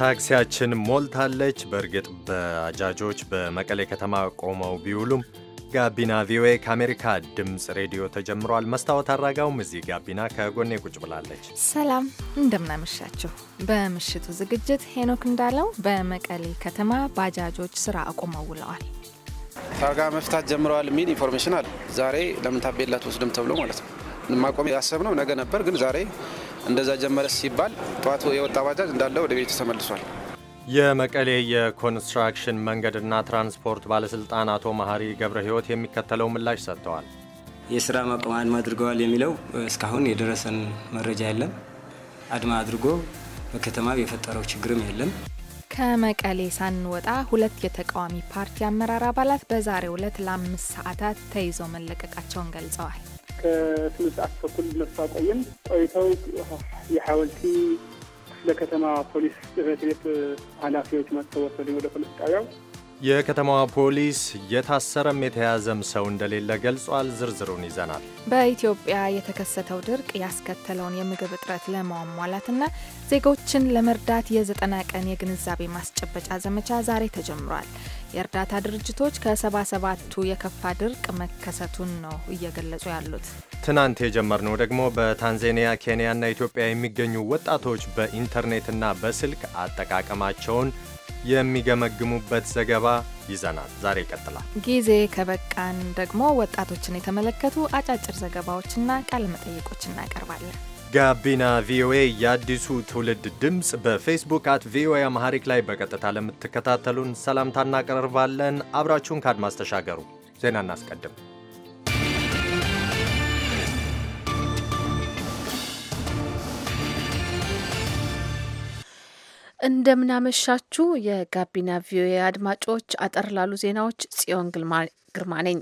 ታክሲያችን ሞልታለች። በእርግጥ በአጃጆች በመቀሌ ከተማ ቆመው ቢውሉም ጋቢና ቪኦኤ ከአሜሪካ ድምፅ ሬዲዮ ተጀምሯል። መስታወት አድራጋውም እዚህ ጋቢና ከጎኔ ቁጭ ብላለች። ሰላም እንደምናመሻችሁ። በምሽቱ ዝግጅት ሄኖክ እንዳለው በመቀሌ ከተማ ባጃጆች ስራ አቁመው ውለዋል። ታርጋ መፍታት ጀምረዋል የሚል ኢንፎርሜሽን አለ። ዛሬ ለምን ታቤላት ወስድም ተብሎ ማለት ነው። ማቆም ያሰብነው ነገ ነበር፣ ግን ዛሬ እንደዛ ጀመረ ሲባል ጠዋት የወጣ ባጃጅ እንዳለ ወደ ቤት ተመልሷል። የመቀሌ የኮንስትራክሽን መንገድና ትራንስፖርት ባለስልጣን አቶ መሀሪ ገብረ ህይወት የሚከተለው ምላሽ ሰጥተዋል። የስራ ማቆም አድማ አድርገዋል የሚለው እስካሁን የደረሰን መረጃ የለም። አድማ አድርጎ በከተማ የፈጠረው ችግርም የለም። ከመቀሌ ሳንወጣ ሁለት የተቃዋሚ ፓርቲ አመራር አባላት በዛሬው ዕለት ለአምስት ሰዓታት ተይዘው መለቀቃቸውን ገልጸዋል። ከስምንት ሰዓት ተኩል ነፍስ አቆየም ቆይተው የሐወልቲ ክፍለ ከተማ ፖሊስ ጽሕፈት ቤት ኃላፊዎች መጥተው ወሰዱኝ ወደ ፖሊስ ጣቢያው። የከተማዋ ፖሊስ የታሰረም የተያዘም ሰው እንደሌለ ገልጿል። ዝርዝሩን ይዘናል። በኢትዮጵያ የተከሰተው ድርቅ ያስከተለውን የምግብ እጥረት ለማሟላትና ዜጎችን ለመርዳት የዘጠና ቀን የግንዛቤ ማስጨበጫ ዘመቻ ዛሬ ተጀምሯል። የእርዳታ ድርጅቶች ከሰባ ሰባቱ የከፋ ድርቅ መከሰቱን ነው እየገለጹ ያሉት። ትናንት የጀመርነው ደግሞ በታንዛኒያ ኬንያና ኢትዮጵያ የሚገኙ ወጣቶች በኢንተርኔትና በስልክ አጠቃቀማቸውን የሚገመግሙበት ዘገባ ይዘናል። ዛሬ ይቀጥላል። ጊዜ ከበቃን ደግሞ ወጣቶችን የተመለከቱ አጫጭር ዘገባዎችና ቃለ መጠይቆች እናቀርባለን። ጋቢና ቪኦኤ የአዲሱ ትውልድ ድምፅ በፌስቡክ አት ቪኦኤ አማሐሪክ ላይ በቀጥታ ለምትከታተሉን ሰላምታ እናቀርባለን። አብራችሁን ከአድማስ ተሻገሩ። ዜና እናስቀድም። እንደምናመሻችሁ የጋቢና ቪኦኤ አድማጮች፣ አጠር ላሉ ዜናዎች ጽዮን ግርማ ነኝ።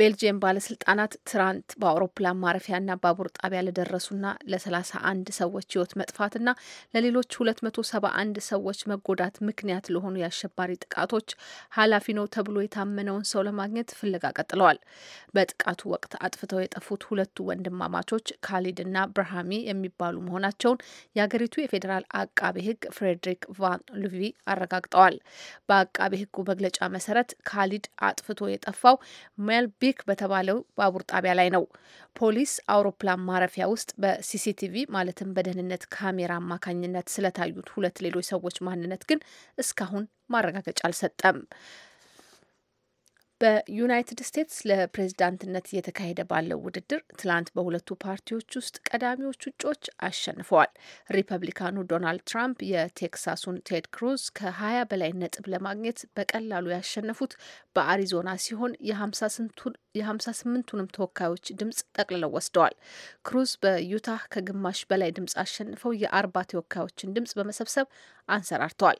ቤልጅየም ባለስልጣናት ትናንት በአውሮፕላን ማረፊያና ባቡር ጣቢያ ለደረሱና ለ31 ሰዎች ህይወት መጥፋትና ለሌሎች 271 ሰዎች መጎዳት ምክንያት ለሆኑ የአሸባሪ ጥቃቶች ኃላፊ ነው ተብሎ የታመነውን ሰው ለማግኘት ፍለጋ ቀጥለዋል። በጥቃቱ ወቅት አጥፍተው የጠፉት ሁለቱ ወንድማማቾች ካሊድ እና ብርሃሚ የሚባሉ መሆናቸውን የአገሪቱ የፌዴራል አቃቤ ህግ ፍሬድሪክ ቫን ሉቪ አረጋግጠዋል። በአቃቤ ህጉ መግለጫ መሰረት ካሊድ አጥፍቶ የጠፋው ሜልቢ ጂክ በተባለው ባቡር ጣቢያ ላይ ነው። ፖሊስ አውሮፕላን ማረፊያ ውስጥ በሲሲቲቪ ማለትም በደህንነት ካሜራ አማካኝነት ስለታዩት ሁለት ሌሎች ሰዎች ማንነት ግን እስካሁን ማረጋገጫ አልሰጠም። በዩናይትድ ስቴትስ ለፕሬዝዳንትነት እየተካሄደ ባለው ውድድር ትላንት በሁለቱ ፓርቲዎች ውስጥ ቀዳሚዎቹ እጩዎች አሸንፈዋል። ሪፐብሊካኑ ዶናልድ ትራምፕ የቴክሳሱን ቴድ ክሩዝ ከ20 በላይ ነጥብ ለማግኘት በቀላሉ ያሸነፉት በአሪዞና ሲሆን የ58ቱንም ተወካዮች ድምጽ ጠቅልለው ወስደዋል። ክሩዝ በዩታህ ከግማሽ በላይ ድምጽ አሸንፈው የአርባ ተወካዮችን ድምጽ በመሰብሰብ አንሰራርተዋል።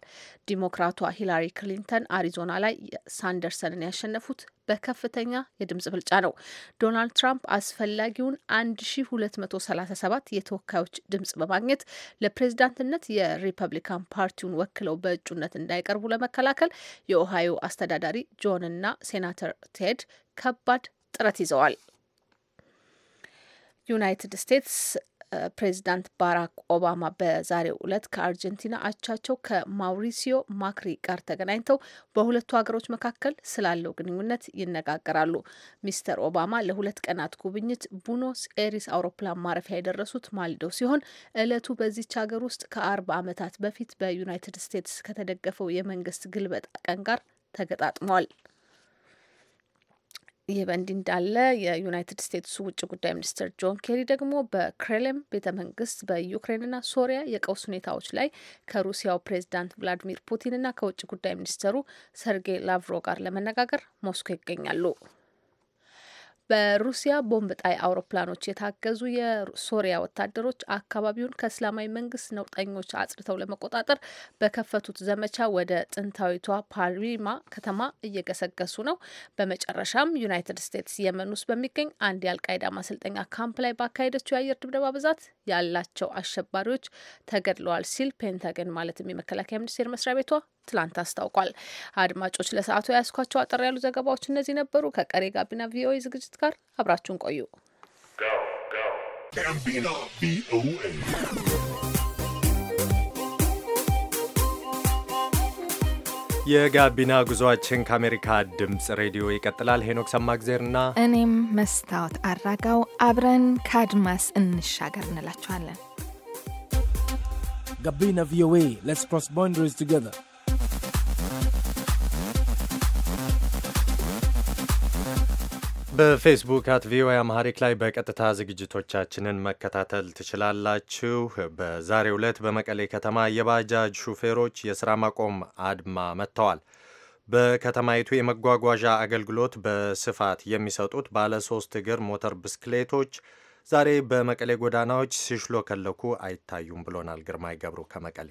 ዲሞክራቷ ሂላሪ ክሊንተን አሪዞና ላይ ሳንደርሰንን ያሸነፉት በከፍተኛ የድምጽ ብልጫ ነው። ዶናልድ ትራምፕ አስፈላጊውን 1237 የተወካዮች ድምጽ በማግኘት ለፕሬዝዳንትነት የሪፐብሊካን ፓርቲውን ወክለው በእጩነት እንዳይቀርቡ ለመከላከል የኦሃዮ አስተዳዳሪ ጆን እና ሴናተር ቴድ ከባድ ጥረት ይዘዋል። ዩናይትድ ስቴትስ ፕሬዚዳንት ባራክ ኦባማ በዛሬው ዕለት ከአርጀንቲና አቻቸው ከማውሪሲዮ ማክሪ ጋር ተገናኝተው በሁለቱ ሀገሮች መካከል ስላለው ግንኙነት ይነጋገራሉ። ሚስተር ኦባማ ለሁለት ቀናት ጉብኝት ቡኖስ ኤሪስ አውሮፕላን ማረፊያ የደረሱት ማልደው ሲሆን እለቱ በዚች ሀገር ውስጥ ከአርባ ዓመታት በፊት በዩናይትድ ስቴትስ ከተደገፈው የመንግስት ግልበጣ ቀን ጋር ተገጣጥሟል። ይህ በእንዲህ እንዳለ የዩናይትድ ስቴትሱ ውጭ ጉዳይ ሚኒስትር ጆን ኬሪ ደግሞ በክሬሌም ቤተ መንግስት በዩክሬንና ሶሪያ የቀውስ ሁኔታዎች ላይ ከሩሲያው ፕሬዚዳንት ቭላዲሚር ፑቲንና ከውጭ ጉዳይ ሚኒስትሩ ሰርጌይ ላቭሮ ጋር ለመነጋገር ሞስኮ ይገኛሉ። በሩሲያ ቦምብ ጣይ አውሮፕላኖች የታገዙ የሶሪያ ወታደሮች አካባቢውን ከእስላማዊ መንግስት ነውጠኞች አጽድተው ለመቆጣጠር በከፈቱት ዘመቻ ወደ ጥንታዊቷ ፓልሚራ ከተማ እየገሰገሱ ነው። በመጨረሻም ዩናይትድ ስቴትስ የመን ውስጥ በሚገኝ አንድ የአልቃይዳ ማሰልጠኛ ካምፕ ላይ ባካሄደችው የአየር ድብደባ ብዛት ያላቸው አሸባሪዎች ተገድለዋል ሲል ፔንታገን ማለትም የመከላከያ ሚኒስቴር መስሪያ ቤቷ ትላንት አስታውቋል። አድማጮች ለሰዓቱ የያዝኳቸው አጠር ያሉ ዘገባዎች እነዚህ ነበሩ። ከቀሪ ጋቢና ቪኦኤ ዝግጅት ጋር አብራችሁን ቆዩ። የጋቢና ጉዞአችን ከአሜሪካ ድምፅ ሬዲዮ ይቀጥላል። ሄኖክ ሰማግዜርና እኔም መስታወት አራጋው አብረን ከአድማስ እንሻገር እንላችኋለን። ጋቢና ቪኦኤ ሌትስ ክሮስ ቦንደሪስ ቱጌዘር በፌስቡክ አት ቪኦኤ አማሪክ ላይ በቀጥታ ዝግጅቶቻችንን መከታተል ትችላላችሁ። በዛሬው ዕለት በመቀሌ ከተማ የባጃጅ ሹፌሮች የሥራ ማቆም አድማ መጥተዋል። በከተማይቱ የመጓጓዣ አገልግሎት በስፋት የሚሰጡት ባለ ሶስት እግር ሞተር ብስክሌቶች ዛሬ በመቀሌ ጎዳናዎች ሲሽሎከለኩ አይታዩም ብሎናል ግርማይ ገብሩ ከመቀሌ።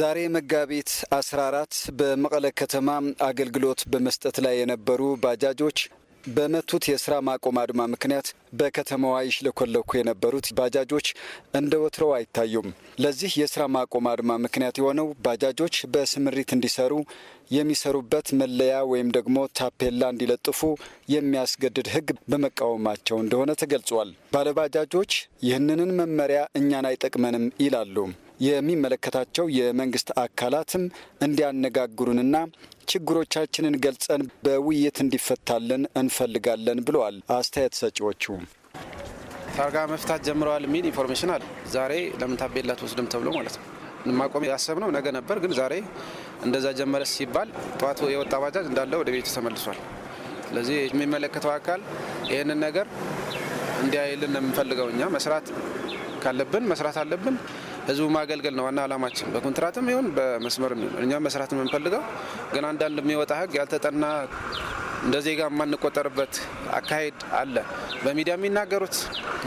ዛሬ መጋቢት 14 በመቀለ ከተማ አገልግሎት በመስጠት ላይ የነበሩ ባጃጆች በመቱት የስራ ማቆም አድማ ምክንያት በከተማዋ ይሽለኮለኩ የነበሩት ባጃጆች እንደ ወትረው አይታዩም። ለዚህ የስራ ማቆም አድማ ምክንያት የሆነው ባጃጆች በስምሪት እንዲሰሩ የሚሰሩበት መለያ ወይም ደግሞ ታፔላ እንዲለጥፉ የሚያስገድድ ሕግ በመቃወማቸው እንደሆነ ተገልጿል። ባለባጃጆች ይህንንን መመሪያ እኛን አይጠቅመንም ይላሉ። የሚመለከታቸው የመንግስት አካላትም እንዲያነጋግሩንና ችግሮቻችንን ገልጸን በውይይት እንዲፈታልን እንፈልጋለን ብለዋል አስተያየት ሰጪዎቹ። ታርጋ መፍታት ጀምረዋል የሚል ኢንፎርሜሽን አለ። ዛሬ ለምን ታቤላ ተብሎ ማለት ነው። ማቆም ያሰብነው ነገ ነበር፣ ግን ዛሬ እንደዛ ጀመረ ሲባል ጠዋት የወጣ ባጃጅ እንዳለ ወደ ቤቱ ተመልሷል። ስለዚህ የሚመለከተው አካል ይህንን ነገር እንዲያይልን የምንፈልገው እኛ መስራት ካለብን መስራት አለብን። ህዝቡ ማገልገል ነው ዋና ዓላማችን። በኮንትራትም ይሁን በመስመር እኛ መስራት የምንፈልገው ግን አንዳንድ የሚወጣ ህግ ያልተጠና እንደ ዜጋ የማንቆጠርበት አካሄድ አለ። በሚዲያ የሚናገሩት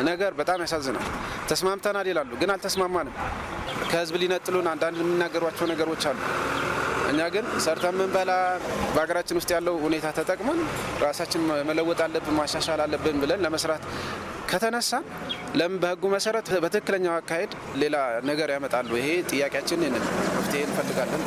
ነገር በጣም ያሳዝናል። ተስማምተናል ይላሉ፣ ግን አልተስማማንም። ከህዝብ ሊነጥሉን አንዳንድ የሚናገሯቸው ነገሮች አሉ። እኛ ግን ሰርተን ምንበላ በሀገራችን ውስጥ ያለው ሁኔታ ተጠቅመን ራሳችን መለወጥ አለብን ማሻሻል አለብን ብለን ለመስራት ከተነሳ ለምን በህጉ መሰረት በትክክለኛው አካሄድ ሌላ ነገር ያመጣሉ? ይሄ ጥያቄያችን መፍትሄ እንፈልጋለን።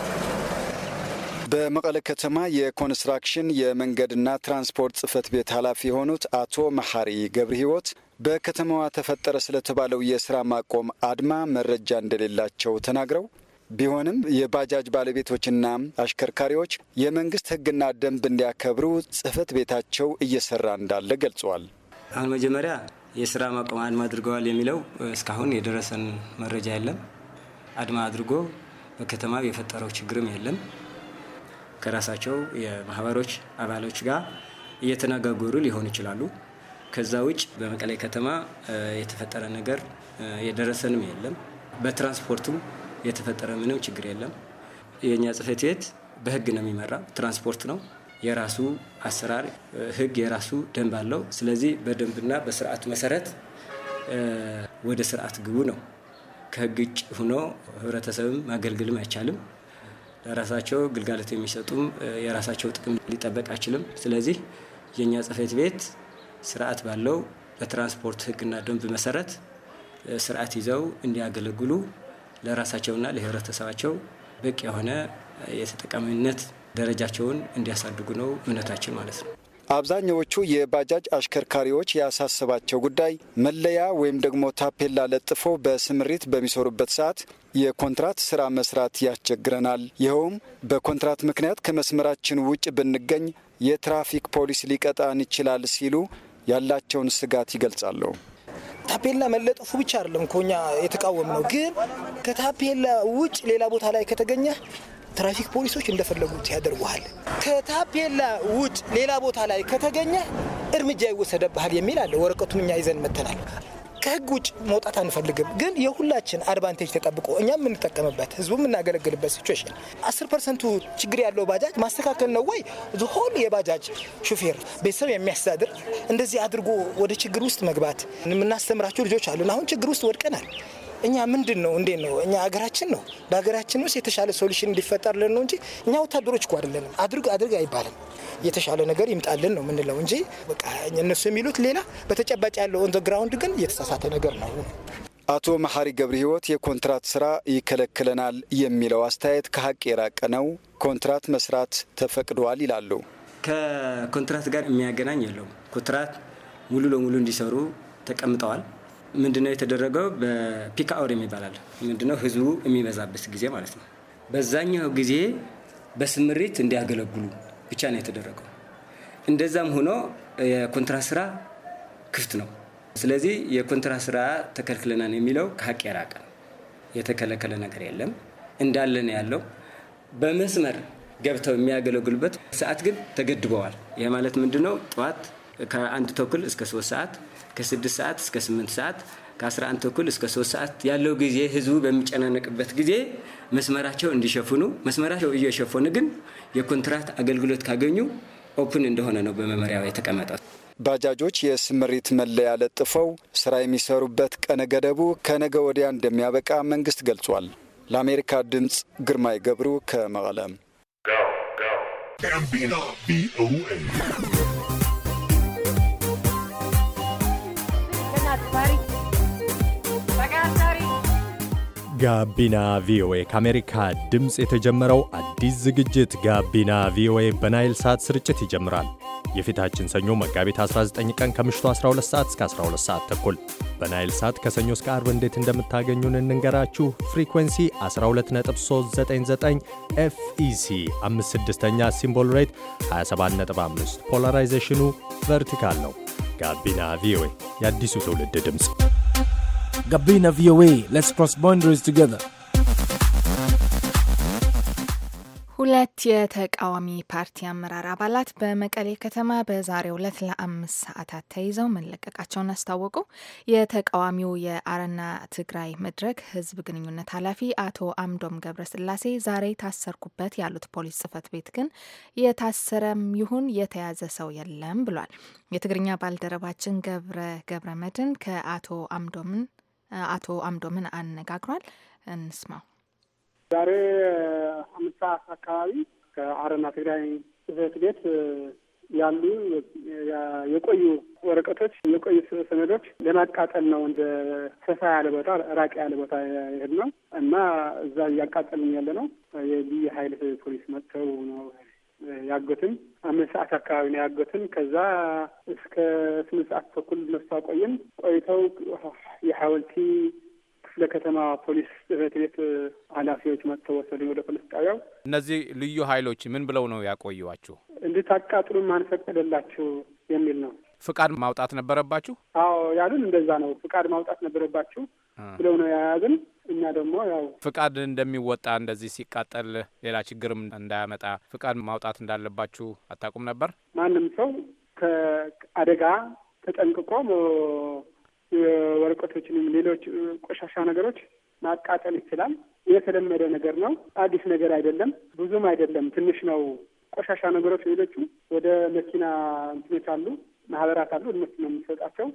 በመቀለ ከተማ የኮንስትራክሽን የመንገድና ትራንስፖርት ጽህፈት ቤት ኃላፊ የሆኑት አቶ መሐሪ ገብረ ህይወት በከተማዋ ተፈጠረ ስለተባለው የስራ ማቆም አድማ መረጃ እንደሌላቸው ተናግረው ቢሆንም የባጃጅ ባለቤቶችና አሽከርካሪዎች የመንግስት ህግና ደንብ እንዲያከብሩ ጽህፈት ቤታቸው እየሰራ እንዳለ ገልጸዋል። አሁን መጀመሪያ የስራ ማቆም አድማ አድርገዋል የሚለው እስካሁን የደረሰን መረጃ የለም። አድማ አድርጎ በከተማ የፈጠረው ችግርም የለም። ከራሳቸው የማህበሮች አባሎች ጋር እየተነጋገሩ ሊሆን ይችላሉ። ከዛ ውጭ በመቀሌ ከተማ የተፈጠረ ነገር የደረሰንም የለም። በትራንስፖርቱም የተፈጠረ ምንም ችግር የለም። የእኛ ጽህፈት ቤት በህግ ነው የሚመራ፣ ትራንስፖርት ነው የራሱ አሰራር ህግ፣ የራሱ ደንብ አለው። ስለዚህ በደንብና በስርዓት መሰረት ወደ ስርዓት ግቡ ነው። ከህግ ውጭ ሆኖ ህብረተሰብም ማገልገልም አይቻልም። ለራሳቸው ግልጋሎት የሚሰጡም የራሳቸው ጥቅም ሊጠበቅ አይችልም። ስለዚህ የእኛ ጽሕፈት ቤት ስርዓት ባለው በትራንስፖርት ህግና ደንብ መሰረት ስርዓት ይዘው እንዲያገለግሉ ለራሳቸውና ለህብረተሰባቸው በቂ የሆነ የተጠቃሚነት ደረጃቸውን እንዲያሳድጉ ነው እምነታችን ማለት ነው። አብዛኛዎቹ የባጃጅ አሽከርካሪዎች ያሳሰባቸው ጉዳይ መለያ ወይም ደግሞ ታፔላ ለጥፎ በስምሪት በሚሰሩበት ሰዓት የኮንትራት ስራ መስራት ያስቸግረናል፣ ይኸውም በኮንትራት ምክንያት ከመስመራችን ውጭ ብንገኝ የትራፊክ ፖሊስ ሊቀጣን ይችላል ሲሉ ያላቸውን ስጋት ይገልጻሉ። ታፔላ መለጠፉ ብቻ አይደለም እኮ እኛ የተቃወም ነው፣ ግን ከታፔላ ውጭ ሌላ ቦታ ላይ ከተገኘ ትራፊክ ፖሊሶች እንደፈለጉት ያደርጉሃል። ከታፔላ ውጭ ሌላ ቦታ ላይ ከተገኘ እርምጃ ይወሰደብሃል የሚል አለ። ወረቀቱን እኛ ይዘን መተናል። ከህግ ውጭ መውጣት አንፈልግም፣ ግን የሁላችን አድቫንቴጅ ተጠብቆ እኛም የምንጠቀምበት ህዝቡ የምናገለግልበት ሲቹዌሽን አስር ፐርሰንቱ ችግር ያለው ባጃጅ ማስተካከል ነው ወይ ዝሆን የባጃጅ ሹፌር ቤተሰብ የሚያስተዳድር እንደዚህ አድርጎ ወደ ችግር ውስጥ መግባት የምናስተምራቸው ልጆች አሉን። አሁን ችግር ውስጥ ወድቀናል። እኛ ምንድን ነው እንዴት ነው እኛ ሀገራችን ነው። በሀገራችን ውስጥ የተሻለ ሶሉሽን እንዲፈጠርልን ነው እንጂ እኛ ወታደሮች እኮ አይደለንም። አድርግ አድርግ አይባልም። የተሻለ ነገር ይምጣልን ነው ምንለው እንጂ በቃ እነሱ የሚሉት ሌላ፣ በተጨባጭ ያለው ኦን ዘ ግራውንድ ግን የተሳሳተ ነገር ነው። አቶ መሐሪ ገብረ ህይወት የኮንትራት ስራ ይከለክለናል የሚለው አስተያየት ከሀቅ የራቀ ነው፣ ኮንትራት መስራት ተፈቅዷል ይላሉ። ከኮንትራት ጋር የሚያገናኝ የለውም። ኮንትራት ሙሉ ለሙሉ እንዲሰሩ ተቀምጠዋል። ምንድነው የተደረገው? በፒካኦር የሚባላል ምንድነው ህዝቡ የሚበዛበት ጊዜ ማለት ነው። በዛኛው ጊዜ በስምሪት እንዲያገለግሉ ብቻ ነው የተደረገው። እንደዛም ሆኖ የኮንትራት ስራ ክፍት ነው። ስለዚህ የኮንትራት ስራ ተከልክለናን የሚለው ከሀቅ የራቀ የተከለከለ ነገር የለም እንዳለን ያለው በመስመር ገብተው የሚያገለግሉበት ሰዓት ግን ተገድበዋል። ይህ ማለት ምንድነው? ጠዋት ከአንድ ተኩል እስከ ሶስት ሰዓት ከስድስት ሰዓት እስከ ስምንት ሰዓት ከ11 ተኩል እስከ 3 ሰዓት ያለው ጊዜ ህዝቡ በሚጨናነቅበት ጊዜ መስመራቸው እንዲሸፍኑ መስመራቸው እየሸፈኑ ግን የኮንትራት አገልግሎት ካገኙ ኦፕን እንደሆነ ነው በመመሪያው የተቀመጠው። ባጃጆች የስምሪት መለያ ለጥፈው ስራ የሚሰሩበት ቀነ ገደቡ ከነገ ወዲያ እንደሚያበቃ መንግስት ገልጿል። ለአሜሪካ ድምፅ ግርማይ ገብሩ ከመቀለም ጋቢና ቪኦኤ ከአሜሪካ ድምፅ የተጀመረው አዲስ ዝግጅት ጋቢና ቪኦኤ በናይል ሳት ስርጭት ይጀምራል። የፊታችን ሰኞ መጋቢት 19 ቀን ከምሽቱ 12 ሰዓት እስከ 12 ሰዓት ተኩል በናይል ሳት ከሰኞ እስከ አርብ እንዴት እንደምታገኙን እንንገራችሁ። ፍሪኩንሲ 12399 ኤፍኢሲ 56ኛ ሲምቦል ሬት 275 ፖላራይዜሽኑ ቨርቲካል ነው። ጋቢና ቪኦኤ የአዲሱ ትውልድ ድምፅ Gabina VOA. Let's cross boundaries together. ሁለት የተቃዋሚ ፓርቲ አመራር አባላት በመቀሌ ከተማ በዛሬው ዕለት ለአምስት ሰዓታት ተይዘው መለቀቃቸውን አስታወቁ። የተቃዋሚው የአረና ትግራይ መድረክ ህዝብ ግንኙነት ኃላፊ አቶ አምዶም ገብረስላሴ ዛሬ ታሰርኩበት ያሉት ፖሊስ ጽፈት ቤት ግን የታሰረም ይሁን የተያዘ ሰው የለም ብሏል። የትግርኛ ባልደረባችን ገብረ ገብረ መድን ከአቶ አምዶምን አቶ አምዶምን አነጋግሯል። እንስማው። ዛሬ አምስት ሰዓት አካባቢ ከአረና ትግራይ ጽህፈት ቤት ያሉ የቆዩ ወረቀቶች የቆዩ ሰነዶች ለማቃጠል ነው። እንደ ሰፋ ያለ ቦታ ራቅ ያለ ቦታ ነው እና እዛ እያቃጠልን ያለ ነው። የልዩ ኃይል ፖሊስ መጥተው ነው ያጎትን አምስት ሰዓት አካባቢ ነው ያጎትን። ከዛ እስከ ስምንት ሰዓት ተኩል እነሱ አቆየን። ቆይተው የሐወልቲ ክፍለ ከተማ ፖሊስ ጽህፈት ቤት ኃላፊዎች መጥተው ወሰዱኝ ወደ ፖሊስ ጣቢያው። እነዚህ ልዩ ኃይሎች ምን ብለው ነው ያቆየዋችሁ? እንድታቃጥሉ ማንፈቀደላችሁ የሚል ነው። ፍቃድ ማውጣት ነበረባችሁ? አዎ ያሉን እንደዛ ነው። ፍቃድ ማውጣት ነበረባችሁ ብለው ነው የያዝን። እኛ ደግሞ ያው ፍቃድ እንደሚወጣ እንደዚህ ሲቃጠል ሌላ ችግርም እንዳያመጣ ፍቃድ ማውጣት እንዳለባችሁ አታውቁም ነበር? ማንም ሰው ከአደጋ ተጠንቅቆ የወረቀቶችንም ሌሎች ቆሻሻ ነገሮች ማቃጠል ይችላል። የተለመደ ነገር ነው። አዲስ ነገር አይደለም። ብዙም አይደለም፣ ትንሽ ነው። ቆሻሻ ነገሮች ሌሎቹ ወደ መኪና እንትኖች አሉ፣ ማህበራት አሉ፣ እነሱ ነው የሚሰጣቸው።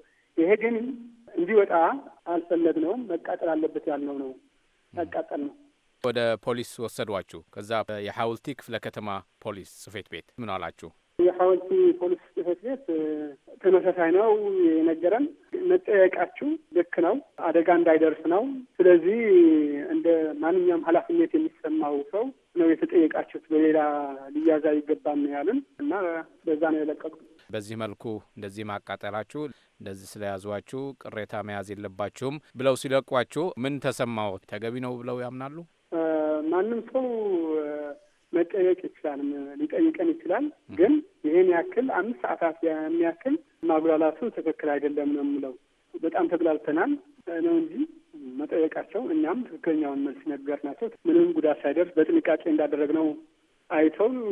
ይሄ ግን እንዲወጣ አልፈለግነውም። መቃጠል አለበት ያልነው ነው መቃጠል ነው። ወደ ፖሊስ ወሰዷችሁ። ከዛ የሐውልቲ ክፍለ ከተማ ፖሊስ ጽፌት ቤት ምን አላችሁ? የሐወልቲ ፖሊስ ጽህፈት ቤት ተመሳሳይ ነው የነገረን። መጠየቃችሁ ልክ ነው፣ አደጋ እንዳይደርስ ነው። ስለዚህ እንደ ማንኛውም ኃላፊነት የሚሰማው ሰው ነው የተጠየቃችሁት፣ በሌላ ሊያዝ አይገባም ያልን እና በዛ ነው የለቀቁት። በዚህ መልኩ እንደዚህ ማቃጠላችሁ እንደዚህ ስለያዟችሁ ቅሬታ መያዝ የለባችሁም ብለው ሲለቋችሁ ምን ተሰማዎት? ተገቢ ነው ብለው ያምናሉ? ማንም ሰው መጠየቅ ይችላል፣ ሊጠይቀን ይችላል። ግን ይህን ያክል አምስት ሰዓታት የሚያክል ማጉላላቱ ትክክል አይደለም ነው የምለው። በጣም ተግላልተናል ነው እንጂ መጠየቃቸው እኛም ትክክለኛውን መልስ ነገር ናቸው። ምንም ጉዳት ሳይደርስ በጥንቃቄ እንዳደረግ ነው አይተው ነው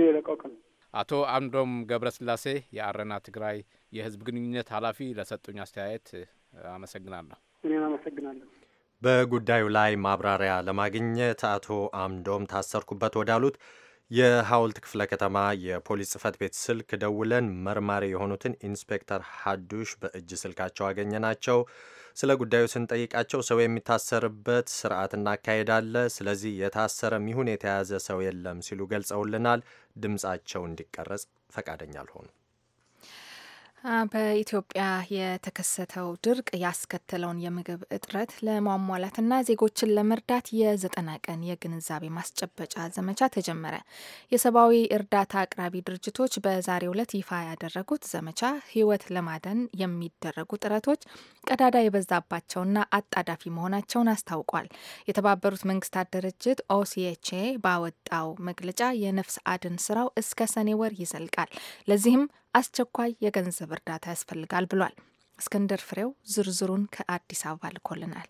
የለቀቅን። አቶ አምዶም ገብረስላሴ የአረና ትግራይ የህዝብ ግንኙነት ኃላፊ ለሰጡኝ አስተያየት አመሰግናለሁ። እኔም አመሰግናለሁ። በጉዳዩ ላይ ማብራሪያ ለማግኘት አቶ አምዶም ታሰርኩበት ወዳሉት የሐውልት ክፍለ ከተማ የፖሊስ ጽፈት ቤት ስልክ ደውለን መርማሪ የሆኑትን ኢንስፔክተር ሀዱሽ በእጅ ስልካቸው ናቸው። ስለ ጉዳዩ ስንጠይቃቸው ሰው የሚታሰርበት ስርዓትና አካሄድ አለ፣ ስለዚህ የታሰረም ይሁን የተያዘ ሰው የለም ሲሉ ገልጸውልናል። ድምፃቸው እንዲቀረጽ ፈቃደኛ አልሆኑ። በኢትዮጵያ የተከሰተው ድርቅ ያስከተለውን የምግብ እጥረት ለማሟላትና ዜጎችን ለመርዳት የዘጠና ቀን የግንዛቤ ማስጨበጫ ዘመቻ ተጀመረ። የሰብአዊ እርዳታ አቅራቢ ድርጅቶች በዛሬው ዕለት ይፋ ያደረጉት ዘመቻ ሕይወት ለማደን የሚደረጉ ጥረቶች ቀዳዳ የበዛባቸውና አጣዳፊ መሆናቸውን አስታውቋል። የተባበሩት መንግስታት ድርጅት ኦሲኤቼ ባወጣው መግለጫ የነፍስ አድን ስራው እስከ ሰኔ ወር ይዘልቃል። ለዚህም አስቸኳይ የገንዘብ እርዳታ ያስፈልጋል ብሏል። እስክንድር ፍሬው ዝርዝሩን ከአዲስ አበባ ልኮልናል።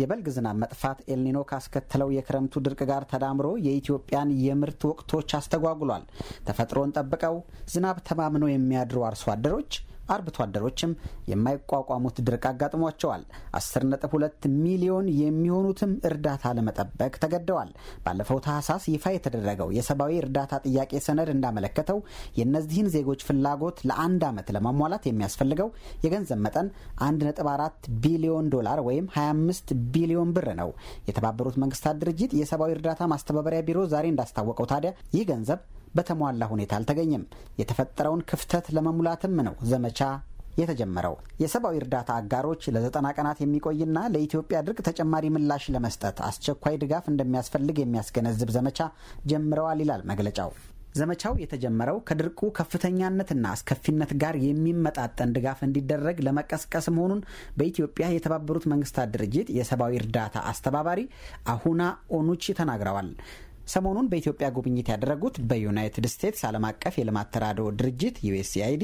የበልግ ዝናብ መጥፋት ኤልኒኖ ካስከተለው የክረምቱ ድርቅ ጋር ተዳምሮ የኢትዮጵያን የምርት ወቅቶች አስተጓጉሏል። ተፈጥሮን ጠብቀው ዝናብ ተማምነው የሚያድሩ አርሶ አደሮች አርብቶ አደሮችም የማይቋቋሙት ድርቅ አጋጥሟቸዋል። 10.2 ሚሊዮን የሚሆኑትም እርዳታ ለመጠበቅ ተገደዋል። ባለፈው ታህሳስ ይፋ የተደረገው የሰብአዊ እርዳታ ጥያቄ ሰነድ እንዳመለከተው የእነዚህን ዜጎች ፍላጎት ለአንድ ዓመት ለማሟላት የሚያስፈልገው የገንዘብ መጠን 1.4 ቢሊዮን ዶላር ወይም 25 ቢሊዮን ብር ነው። የተባበሩት መንግስታት ድርጅት የሰብአዊ እርዳታ ማስተባበሪያ ቢሮ ዛሬ እንዳስታወቀው ታዲያ ይህ ገንዘብ በተሟላ ሁኔታ አልተገኘም። የተፈጠረውን ክፍተት ለመሙላትም ነው ዘመቻ የተጀመረው የሰብአዊ እርዳታ አጋሮች ለዘጠና ቀናት የሚቆይና ለኢትዮጵያ ድርቅ ተጨማሪ ምላሽ ለመስጠት አስቸኳይ ድጋፍ እንደሚያስፈልግ የሚያስገነዝብ ዘመቻ ጀምረዋል ይላል መግለጫው። ዘመቻው የተጀመረው ከድርቁ ከፍተኛነትና አስከፊነት ጋር የሚመጣጠን ድጋፍ እንዲደረግ ለመቀስቀስ መሆኑን በኢትዮጵያ የተባበሩት መንግስታት ድርጅት የሰብአዊ እርዳታ አስተባባሪ አሁና ኦኑቺ ተናግረዋል። ሰሞኑን በኢትዮጵያ ጉብኝት ያደረጉት በዩናይትድ ስቴትስ ዓለም አቀፍ የልማት ተራድኦ ድርጅት ዩኤስኤአይዲ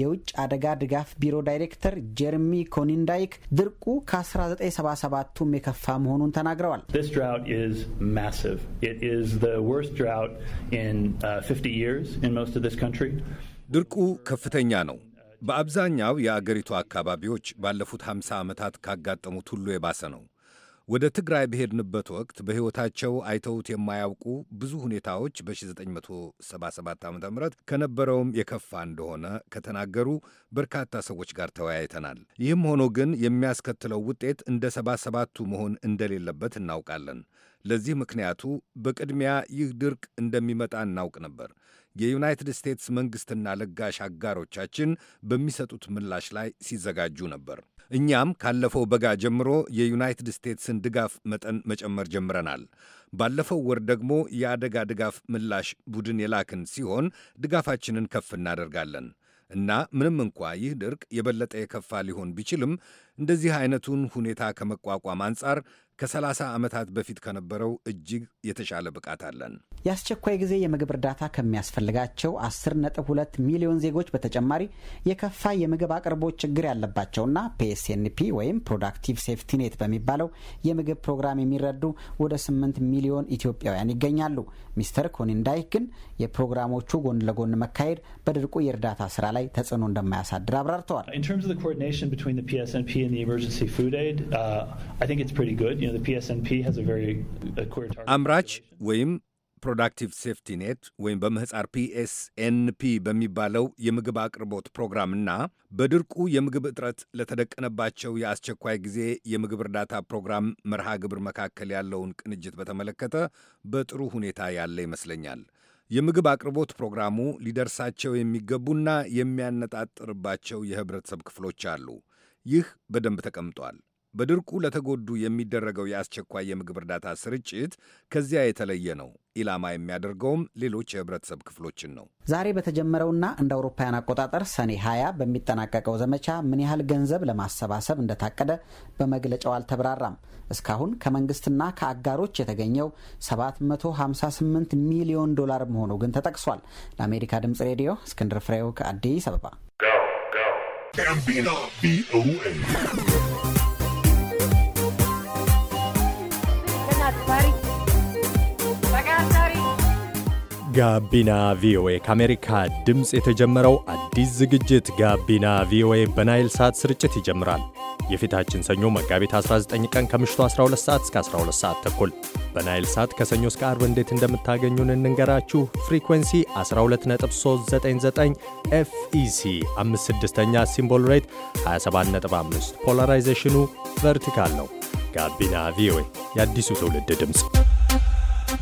የውጭ አደጋ ድጋፍ ቢሮ ዳይሬክተር ጀርሚ ኮኒንዳይክ ድርቁ ከ1977ቱም የከፋ መሆኑን ተናግረዋል። uh, ድርቁ ከፍተኛ ነው። በአብዛኛው የአገሪቱ አካባቢዎች ባለፉት 50 ዓመታት ካጋጠሙት ሁሉ የባሰ ነው። ወደ ትግራይ በሄድንበት ወቅት በሕይወታቸው አይተውት የማያውቁ ብዙ ሁኔታዎች በ1977 ዓ ም ከነበረውም የከፋ እንደሆነ ከተናገሩ በርካታ ሰዎች ጋር ተወያይተናል። ይህም ሆኖ ግን የሚያስከትለው ውጤት እንደ 77ቱ መሆን እንደሌለበት እናውቃለን። ለዚህ ምክንያቱ በቅድሚያ ይህ ድርቅ እንደሚመጣ እናውቅ ነበር። የዩናይትድ ስቴትስ መንግሥትና ለጋሽ አጋሮቻችን በሚሰጡት ምላሽ ላይ ሲዘጋጁ ነበር። እኛም ካለፈው በጋ ጀምሮ የዩናይትድ ስቴትስን ድጋፍ መጠን መጨመር ጀምረናል። ባለፈው ወር ደግሞ የአደጋ ድጋፍ ምላሽ ቡድን የላክን ሲሆን ድጋፋችንን ከፍ እናደርጋለን እና ምንም እንኳ ይህ ድርቅ የበለጠ የከፋ ሊሆን ቢችልም እንደዚህ አይነቱን ሁኔታ ከመቋቋም አንጻር ከ30 ዓመታት በፊት ከነበረው እጅግ የተሻለ ብቃት አለን። የአስቸኳይ ጊዜ የምግብ እርዳታ ከሚያስፈልጋቸው 10.2 ሚሊዮን ዜጎች በተጨማሪ የከፋ የምግብ አቅርቦት ችግር ያለባቸውና ፒኤስኤንፒ ወይም ፕሮዳክቲቭ ሴፍቲኔት በሚባለው የምግብ ፕሮግራም የሚረዱ ወደ 8 ሚሊዮን ኢትዮጵያውያን ይገኛሉ። ሚስተር ኮኒንዳይክ ግን የፕሮግራሞቹ ጎን ለጎን መካሄድ በድርቁ የእርዳታ ስራ ላይ ተጽዕኖ እንደማያሳድር አብራርተዋል። አምራች ወይም ፕሮዳክቲቭ ሴፍቲ ኔት ወይም በምህፃር ፒኤስኤንፒ በሚባለው የምግብ አቅርቦት ፕሮግራምና በድርቁ የምግብ እጥረት ለተደቀነባቸው የአስቸኳይ ጊዜ የምግብ እርዳታ ፕሮግራም መርሃ ግብር መካከል ያለውን ቅንጅት በተመለከተ በጥሩ ሁኔታ ያለ ይመስለኛል። የምግብ አቅርቦት ፕሮግራሙ ሊደርሳቸው የሚገቡና የሚያነጣጥርባቸው የህብረተሰብ ክፍሎች አሉ። ይህ በደንብ ተቀምጧል። በድርቁ ለተጎዱ የሚደረገው የአስቸኳይ የምግብ እርዳታ ስርጭት ከዚያ የተለየ ነው። ኢላማ የሚያደርገውም ሌሎች የህብረተሰብ ክፍሎችን ነው። ዛሬ በተጀመረውና እንደ አውሮፓውያን አቆጣጠር ሰኔ 20 በሚጠናቀቀው ዘመቻ ምን ያህል ገንዘብ ለማሰባሰብ እንደታቀደ በመግለጫው አልተብራራም። እስካሁን ከመንግስትና ከአጋሮች የተገኘው 758 ሚሊዮን ዶላር መሆኑ ግን ተጠቅሷል። ለአሜሪካ ድምጽ ሬዲዮ እስክንድር ፍሬው ከአዲስ አበባ ጋቢና ቪኦኤ ከአሜሪካ ድምፅ የተጀመረው አዲስ ዝግጅት ጋቢና ቪኦኤ በናይል ሳት ስርጭት ይጀምራል። የፊታችን ሰኞ መጋቢት 19 ቀን ከምሽቱ 12 ሰዓት እስከ 12 ሰዓት ተኩል በናይል ሳት ከሰኞ እስከ አርብ እንዴት እንደምታገኙን እንንገራችሁ። ፍሪኩንሲ 12399 ኤፍኢሲ 56ኛ ሲምቦል ሬት 275 ፖላራይዜሽኑ ቨርቲካል ነው። ጋቢና ቪኦኤ የአዲሱ ትውልድ ድምፅ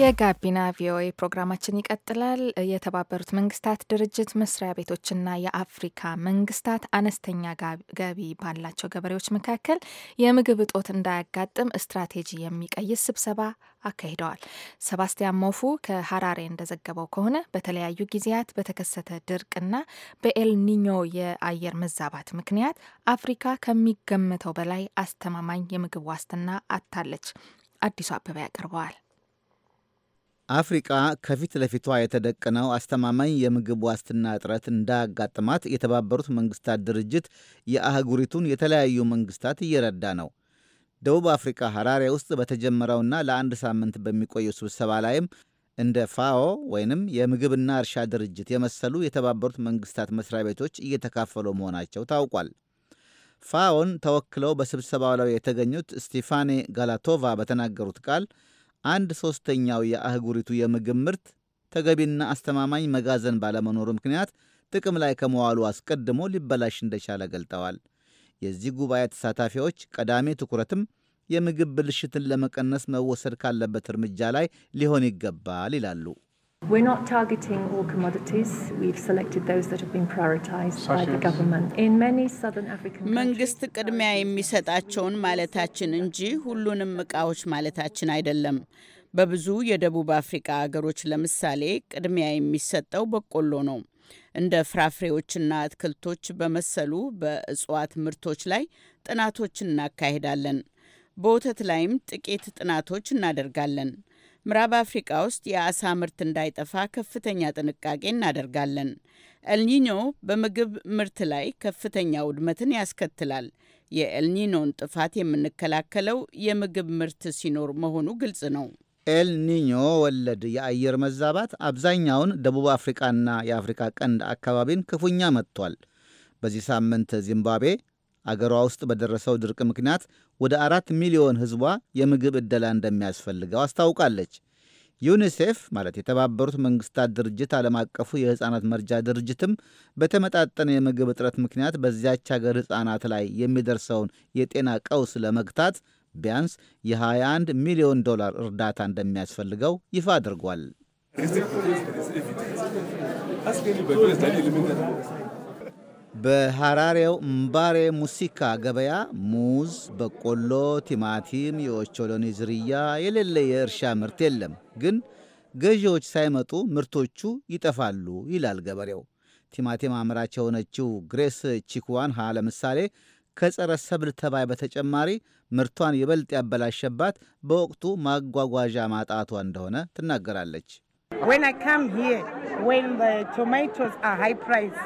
የጋቢና ቪኦኤ ፕሮግራማችን ይቀጥላል። የተባበሩት መንግስታት ድርጅት መስሪያ ቤቶችና የአፍሪካ መንግስታት አነስተኛ ገቢ ባላቸው ገበሬዎች መካከል የምግብ እጦት እንዳያጋጥም ስትራቴጂ የሚቀይስ ስብሰባ አካሂደዋል። ሰባስቲያን ሞፉ ከሀራሬ እንደዘገበው ከሆነ በተለያዩ ጊዜያት በተከሰተ ድርቅና በኤልኒኞ የአየር መዛባት ምክንያት አፍሪካ ከሚገመተው በላይ አስተማማኝ የምግብ ዋስትና አታለች አዲሱ አበባ ያቀርበዋል። አፍሪቃ ከፊት ለፊቷ የተደቀነው አስተማማኝ የምግብ ዋስትና እጥረት እንዳያጋጥማት የተባበሩት መንግስታት ድርጅት የአህጉሪቱን የተለያዩ መንግስታት እየረዳ ነው። ደቡብ አፍሪካ ሐራሬ ውስጥ በተጀመረውና ለአንድ ሳምንት በሚቆየው ስብሰባ ላይም እንደ ፋኦ ወይንም የምግብና እርሻ ድርጅት የመሰሉ የተባበሩት መንግስታት መስሪያ ቤቶች እየተካፈሉ መሆናቸው ታውቋል። ፋኦን ተወክለው በስብሰባው ላይ የተገኙት ስቴፋኔ ጋላቶቫ በተናገሩት ቃል አንድ ሦስተኛው የአህጉሪቱ የምግብ ምርት ተገቢና አስተማማኝ መጋዘን ባለመኖሩ ምክንያት ጥቅም ላይ ከመዋሉ አስቀድሞ ሊበላሽ እንደቻለ ገልጠዋል። የዚህ ጉባኤ ተሳታፊዎች ቀዳሚ ትኩረትም የምግብ ብልሽትን ለመቀነስ መወሰድ ካለበት እርምጃ ላይ ሊሆን ይገባል ይላሉ። We're not targeting all commodities. We've selected those that have been prioritized by the government. In many southern African countries መንግስት ቅድሚያ የሚሰጣቸውን ማለታችን እንጂ ሁሉንም እቃዎች ማለታችን አይደለም። በብዙ የደቡብ አፍሪካ አገሮች ለምሳሌ ቅድሚያ የሚሰጠው በቆሎ ነው። እንደ ፍራፍሬዎችና አትክልቶች በመሰሉ በእጽዋት ምርቶች ላይ ጥናቶች እናካሄዳለን። በወተት ላይም ጥቂት ጥናቶች እናደርጋለን። ምዕራብ አፍሪቃ ውስጥ የአሳ ምርት እንዳይጠፋ ከፍተኛ ጥንቃቄ እናደርጋለን። ኤልኒኞ በምግብ ምርት ላይ ከፍተኛ ውድመትን ያስከትላል። የኤልኒኞን ጥፋት የምንከላከለው የምግብ ምርት ሲኖር መሆኑ ግልጽ ነው። ኤልኒኞ ወለድ የአየር መዛባት አብዛኛውን ደቡብ አፍሪቃና የአፍሪካ ቀንድ አካባቢን ክፉኛ መጥቷል። በዚህ ሳምንት ዚምባብዌ አገሯ ውስጥ በደረሰው ድርቅ ምክንያት ወደ አራት ሚሊዮን ሕዝቧ የምግብ ዕደላ እንደሚያስፈልገው አስታውቃለች። ዩኒሴፍ ማለት የተባበሩት መንግስታት ድርጅት ዓለም አቀፉ የሕፃናት መርጃ ድርጅትም በተመጣጠነ የምግብ እጥረት ምክንያት በዚያች ሀገር ሕፃናት ላይ የሚደርሰውን የጤና ቀውስ ለመግታት ቢያንስ የ21 ሚሊዮን ዶላር እርዳታ እንደሚያስፈልገው ይፋ አድርጓል። በሐራሬው ምባሬ ሙሲካ ገበያ ሙዝ፣ በቆሎ፣ ቲማቲም፣ የኦቾሎኒ ዝርያ የሌለ የእርሻ ምርት የለም። ግን ገዢዎች ሳይመጡ ምርቶቹ ይጠፋሉ ይላል ገበሬው። ቲማቲም አምራች የሆነችው ግሬስ ቺክዋንሃ ለምሳሌ ከጸረ ሰብል ተባይ በተጨማሪ ምርቷን ይበልጥ ያበላሸባት በወቅቱ ማጓጓዣ ማጣቷ እንደሆነ ትናገራለች። When I come here, when the tomatoes are high price,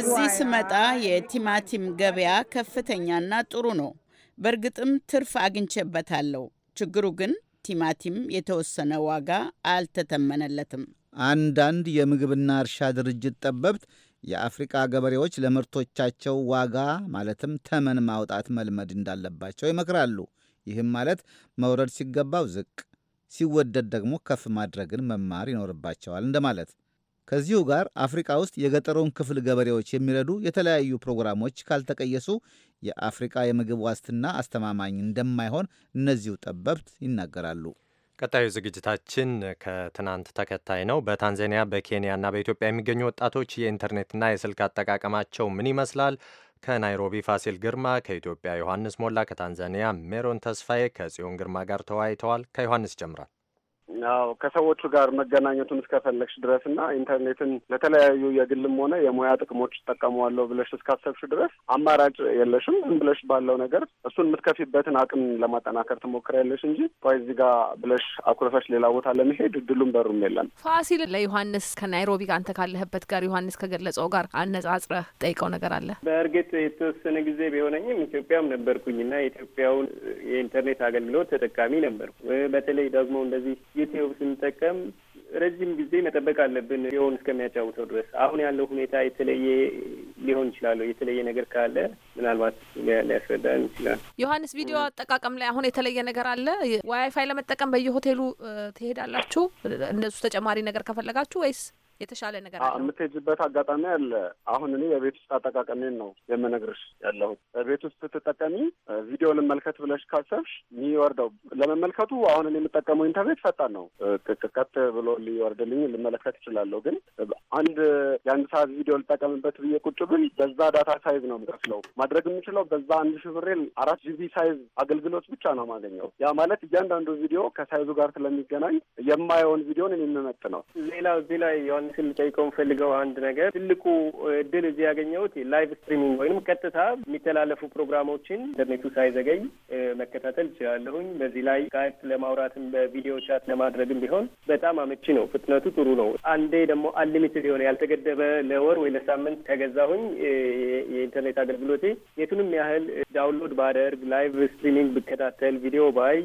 እዚህ ስመጣ uh, የቲማቲም ገበያ ከፍተኛና ጥሩ ነው። በእርግጥም ትርፍ አግኝቼበታለሁ። ችግሩ ግን ቲማቲም የተወሰነ ዋጋ አልተተመነለትም። አንዳንድ የምግብና እርሻ ድርጅት ጠበብት የአፍሪቃ ገበሬዎች ለምርቶቻቸው ዋጋ ማለትም ተመን ማውጣት መልመድ እንዳለባቸው ይመክራሉ። ይህም ማለት መውረድ ሲገባው ዝቅ ሲወደድ ደግሞ ከፍ ማድረግን መማር ይኖርባቸዋል እንደማለት። ከዚሁ ጋር አፍሪካ ውስጥ የገጠሩን ክፍል ገበሬዎች የሚረዱ የተለያዩ ፕሮግራሞች ካልተቀየሱ የአፍሪካ የምግብ ዋስትና አስተማማኝ እንደማይሆን እነዚሁ ጠበብት ይናገራሉ። ቀጣዩ ዝግጅታችን ከትናንት ተከታይ ነው። በታንዛኒያ በኬንያና በኢትዮጵያ የሚገኙ ወጣቶች የኢንተርኔትና የስልክ አጠቃቀማቸው ምን ይመስላል? ከናይሮቢ ፋሲል ግርማ፣ ከኢትዮጵያ ዮሐንስ ሞላ፣ ከታንዛኒያ ሜሮን ተስፋዬ ከጽዮን ግርማ ጋር ተወያይተዋል። ከዮሐንስ ይጀምራል። አዎ ከሰዎቹ ጋር መገናኘቱን እስከፈለግሽ ድረስ እና ኢንተርኔትን ለተለያዩ የግልም ሆነ የሙያ ጥቅሞች እጠቀመዋለሁ ብለሽ እስካሰብሽ ድረስ አማራጭ የለሽም። ዝም ብለሽ ባለው ነገር እሱን የምትከፊበትን አቅም ለማጠናከር ትሞክሪያለሽ እንጂ እዚህ ጋር ብለሽ አኩርፈሽ ሌላ ቦታ ለመሄድ እድሉም በሩም የለም። ፋሲል ለዮሐንስ ከናይሮቢ አንተ ካለህበት ጋር ዮሐንስ ከገለጸው ጋር አነጻጽረህ ጠይቀው ነገር አለ። በእርግጥ የተወሰነ ጊዜ ቢሆነኝም ኢትዮጵያም ነበርኩኝ የኢትዮጵያውን የኢንተርኔት አገልግሎት ተጠቃሚ ነበርኩ። በተለይ ደግሞ እንደዚህ ዩቲዩብ ስንጠቀም ረጅም ጊዜ መጠበቅ አለብን የሆን እስከሚያጫውተው ድረስ። አሁን ያለው ሁኔታ የተለየ ሊሆን ይችላሉ። የተለየ ነገር ካለ ምናልባት ሊያስረዳን ይችላል። ዮሐንስ፣ ቪዲዮ አጠቃቀም ላይ አሁን የተለየ ነገር አለ? ዋይፋይ ለመጠቀም በየሆቴሉ ትሄዳላችሁ? እንደሱ ተጨማሪ ነገር ከፈለጋችሁ ወይስ የተሻለ ነገር አለ የምትሄጅበት አጋጣሚ አለ። አሁን እኔ የቤት ውስጥ አጠቃቀሜን ነው የምነግርሽ ያለሁት። በቤት ውስጥ ስትጠቀሚ ቪዲዮ ልመልከት ብለሽ ካሰብሽ የሚወርደው ለመመልከቱ አሁን እኔ የምጠቀመው ኢንተርኔት ፈጣን ነው። ቀጥ ብሎ ሊወርድልኝ ልመለከት እችላለሁ። ግን አንድ የአንድ ሰዓት ቪዲዮ ልጠቀምበት ብዬ ቁጭ ብል በዛ ዳታ ሳይዝ ነው የምከፍለው። ማድረግ የምችለው በዛ አንድ ሺህ አራት ጂቢ ሳይዝ አገልግሎት ብቻ ነው ማገኘው። ያ ማለት እያንዳንዱ ቪዲዮ ከሳይዙ ጋር ስለሚገናኝ የማየውን ቪዲዮን እኔ የምመጥ ነው። ሌላ እዚህ ላይ የሆነ ስል ልጠይቀው የምፈልገው አንድ ነገር ትልቁ እድል እዚህ ያገኘሁት ላይቭ ስትሪሚንግ ወይም ቀጥታ የሚተላለፉ ፕሮግራሞችን ኢንተርኔቱ ሳይዘገኝ መከታተል ይችላለሁኝ። በዚህ ላይ ስካይፕ ለማውራትም በቪዲዮ ቻት ለማድረግም ቢሆን በጣም አመቺ ነው። ፍጥነቱ ጥሩ ነው። አንዴ ደግሞ አንሊሚትድ የሆነ ያልተገደበ ለወር ወይ ለሳምንት ከገዛሁኝ የኢንተርኔት አገልግሎቴ የቱንም ያህል ዳውንሎድ ባደርግ፣ ላይቭ ስትሪሚንግ ብከታተል፣ ቪዲዮ ባይ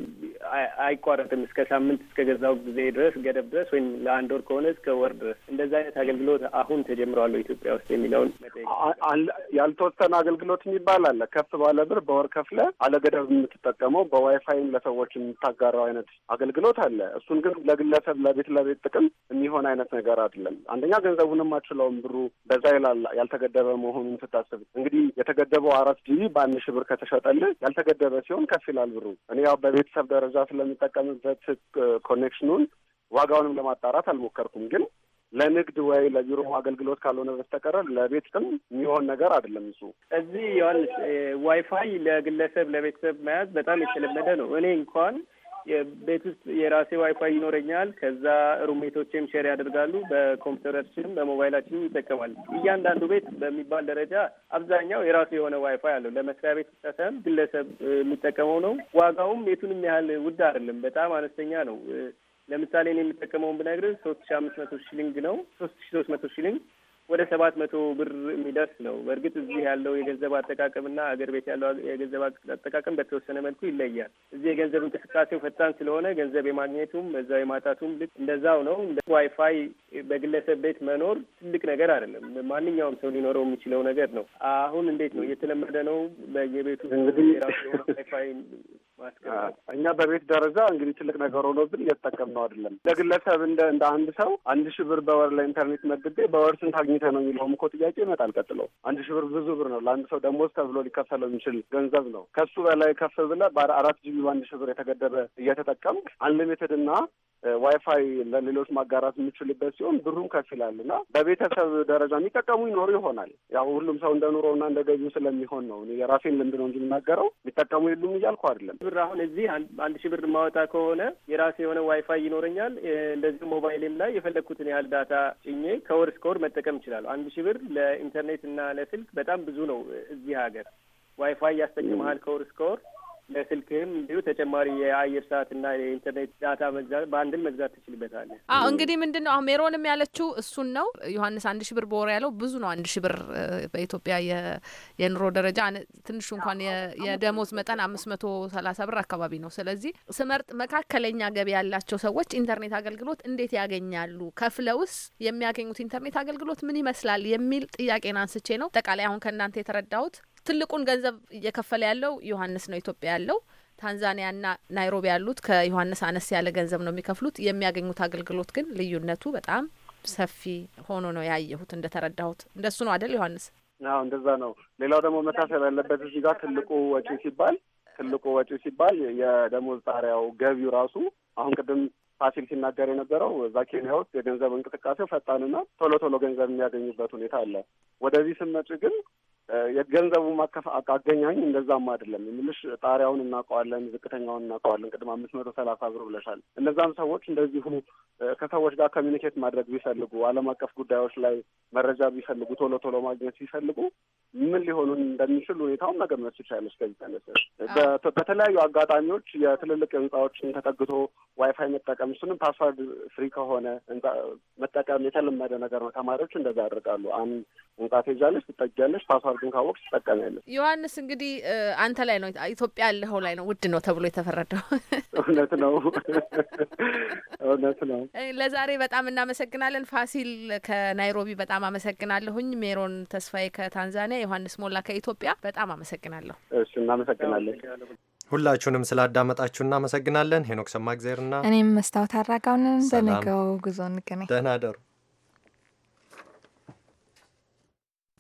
አይቋረጥም እስከ ሳምንት እስከገዛው ጊዜ ድረስ ገደብ ድረስ ወይም ለአንድ ወር ከሆነ እስከ ወር ድረስ እንደዚህ አይነት አገልግሎት አሁን ተጀምረዋል ኢትዮጵያ ውስጥ የሚለውን ያልተወሰነ አገልግሎት የሚባል አለ። ከፍ ባለ ብር በወር ከፍለ አለገደብ የምትጠቀመው በዋይፋይም ለሰዎች የምታጋራው አይነት አገልግሎት አለ። እሱን ግን ለግለሰብ ለቤት ለቤት ጥቅም የሚሆን አይነት ነገር አይደለም። አንደኛ ገንዘቡንም አችለውም ብሩ በዛ ይላል። ያልተገደበ መሆኑን ስታስብ እንግዲህ የተገደበው አራት ጂቢ በአንድ ሺህ ብር ከተሸጠልህ ያልተገደበ ሲሆን ከፍ ይላል ብሩ። እኔ ያው በቤተሰብ ደረጃ ስለምጠቀምበት ኮኔክሽኑን ዋጋውንም ለማጣራት አልሞከርኩም ግን ለንግድ ወይ ለቢሮ አገልግሎት ካልሆነ በስተቀረ ለቤት ጥም የሚሆን ነገር አይደለም። እሱ እዚህ ይሆን ዋይፋይ ለግለሰብ ለቤተሰብ መያዝ በጣም የተለመደ ነው። እኔ እንኳን ቤት ውስጥ የራሴ ዋይፋይ ይኖረኛል። ከዛ ሩሜቶቼም ሼር ያደርጋሉ። በኮምፒውተራችንም በሞባይላችንም ይጠቀማል። እያንዳንዱ ቤት በሚባል ደረጃ አብዛኛው የራሱ የሆነ ዋይፋይ አለው። ለመስሪያ ቤት ብቻ ሳይሆን ግለሰብ የሚጠቀመው ነው። ዋጋውም የቱንም ያህል ውድ አይደለም፣ በጣም አነስተኛ ነው። ለምሳሌ እኔ የምጠቀመውን ብነግርህ ሶስት ሺ አምስት መቶ ሺሊንግ ነው። ሶስት ሺ ሶስት መቶ ሺሊንግ ወደ ሰባት መቶ ብር የሚደርስ ነው። በእርግጥ እዚህ ያለው የገንዘብ አጠቃቀምና አገር ቤት ያለው የገንዘብ አጠቃቀም በተወሰነ መልኩ ይለያል። እዚህ የገንዘብ እንቅስቃሴው ፈጣን ስለሆነ ገንዘብ የማግኘቱም እዛው የማጣቱም ልክ እንደዛው ነው። ዋይፋይ በግለሰብ ቤት መኖር ትልቅ ነገር አይደለም። ማንኛውም ሰው ሊኖረው የሚችለው ነገር ነው። አሁን እንዴት ነው? እየተለመደ ነው በየቤቱ የራሱ ዋይፋይ እኛ በቤት ደረጃ እንግዲህ ትልቅ ነገር ሆኖብን እየተጠቀምነው አይደለም። ለግለሰብ እንደ እንደ አንድ ሰው አንድ ሺህ ብር በወር ለኢንተርኔት መድቤ በወር ስንት አግኝተህ ነው የሚለውም እኮ ጥያቄ ይመጣል። ቀጥሎ አንድ ሺህ ብር ብዙ ብር ነው፣ ለአንድ ሰው ደሞዝ ተብሎ ሊከፈለው የሚችል ገንዘብ ነው። ከሱ በላይ ከፍ ብለህ በአራት ጂቢ በአንድ ሺህ ብር የተገደበ እየተጠቀምክ አንሊሚትድ እና ዋይፋይ ለሌሎች ማጋራት የምችልበት ሲሆን ብሩም ከፍ ይላል እና በቤተሰብ ደረጃ የሚጠቀሙ ይኖሩ ይሆናል። ያው ሁሉም ሰው እንደ ኑሮውና እንደ ገቢው ስለሚሆን ነው። የራሴን ልምድ ነው እንጂ የምናገረው የሚጠቀሙ የሉም እያልኩ አይደለም። ብር አሁን እዚህ አንድ ሺህ ብር ማወጣ ከሆነ የራሴ የሆነ ዋይፋይ ይኖረኛል። እንደዚህ ሞባይልም ላይ የፈለግኩትን ያህል ዳታ ጭኜ ከወር እስከ ወር መጠቀም ይችላሉ። አንድ ሺህ ብር ለኢንተርኔት እና ለስልክ በጣም ብዙ ነው። እዚህ ሀገር ዋይፋይ ያስጠቅመሃል ከወር እስከ ወር ለስልክህም እንዲሁ ተጨማሪ የአየር ሰዓትና የኢንተርኔት ዳታ መግዛት በአንድን መግዛት ትችልበታለህ። አዎ እንግዲህ ምንድን ነው አሁን ሜሮንም ያለችው እሱን ነው። ዮሐንስ አንድ ሺ ብር በወር ያለው ብዙ ነው። አንድ ሺ ብር በኢትዮጵያ የኑሮ ደረጃ ትንሹ እንኳን የደሞዝ መጠን አምስት መቶ ሰላሳ ብር አካባቢ ነው። ስለዚህ ስመርጥ መካከለኛ ገቢ ያላቸው ሰዎች ኢንተርኔት አገልግሎት እንዴት ያገኛሉ? ከፍለውስ የሚያገኙት ኢንተርኔት አገልግሎት ምን ይመስላል? የሚል ጥያቄን አንስቼ ነው አጠቃላይ አሁን ከእናንተ የተረዳሁት ትልቁን ገንዘብ እየከፈለ ያለው ዮሐንስ ነው ኢትዮጵያ ያለው። ታንዛኒያና ናይሮቢ ያሉት ከዮሐንስ አነስ ያለ ገንዘብ ነው የሚከፍሉት። የሚያገኙት አገልግሎት ግን ልዩነቱ በጣም ሰፊ ሆኖ ነው ያየሁት፣ እንደተረዳሁት እንደሱ ነው አደል ዮሀንስ አዎ እንደዛ ነው። ሌላው ደግሞ መታሰብ ያለበት እዚህ ጋር ትልቁ ወጪ ሲባል ትልቁ ወጪ ሲባል የደሞዝ ጣሪያው ገቢው ራሱ አሁን ቅድም ፋሲል ሲናገር የነበረው እዛ ኬንያ ውስጥ የገንዘብ እንቅስቃሴው ፈጣንና ቶሎ ቶሎ ገንዘብ የሚያገኙበት ሁኔታ አለ። ወደዚህ ስመጪ ግን የገንዘቡ አገኛኝ እንደዛም አይደለም የምልሽ። ጣሪያውን እናውቀዋለን፣ ዝቅተኛውን እናውቀዋለን። ቅድም አምስት መቶ ሰላሳ ብር ብለሻል። እነዛም ሰዎች እንደዚሁ ከሰዎች ጋር ኮሚኒኬት ማድረግ ቢፈልጉ፣ ዓለም አቀፍ ጉዳዮች ላይ መረጃ ቢፈልጉ፣ ቶሎ ቶሎ ማግኘት ቢፈልጉ ምን ሊሆኑን እንደሚችል ሁኔታውን መገመት ትችላለች። ከዚህ ተነስ በተለያዩ አጋጣሚዎች የትልልቅ ህንፃዎችን ተጠግቶ ዋይፋይ መጠቀም እሱንም ፓስዋርድ ፍሪ ከሆነ መጠቀም የተለመደ ነገር ነው። ተማሪዎች እንደዛ ያደርጋሉ። አንድ ህንጻ ትሄጃለሽ፣ ትጠጊያለች ፓስዋርድ ሀብቱን ካወቅ ትጠቀም ያለ ዮሐንስ፣ እንግዲህ አንተ ላይ ነው ኢትዮጵያ ያለኸው ላይ ነው ውድ ነው ተብሎ የተፈረደው። እውነት ነው፣ እውነት ነው። ለዛሬ በጣም እናመሰግናለን ፋሲል ከናይሮቢ በጣም አመሰግናለሁኝ። ሜሮን ተስፋዬ ከታንዛኒያ፣ ዮሐንስ ሞላ ከኢትዮጵያ በጣም አመሰግናለሁ። እሱ እናመሰግናለን። ሁላችሁንም ስላዳመጣችሁ እናመሰግናለን። ሄኖክ ሰማእግዜርና እኔም መስታወት አራጋውንን በነገው ጉዞ እንገናኝ። ደህና ደሩ።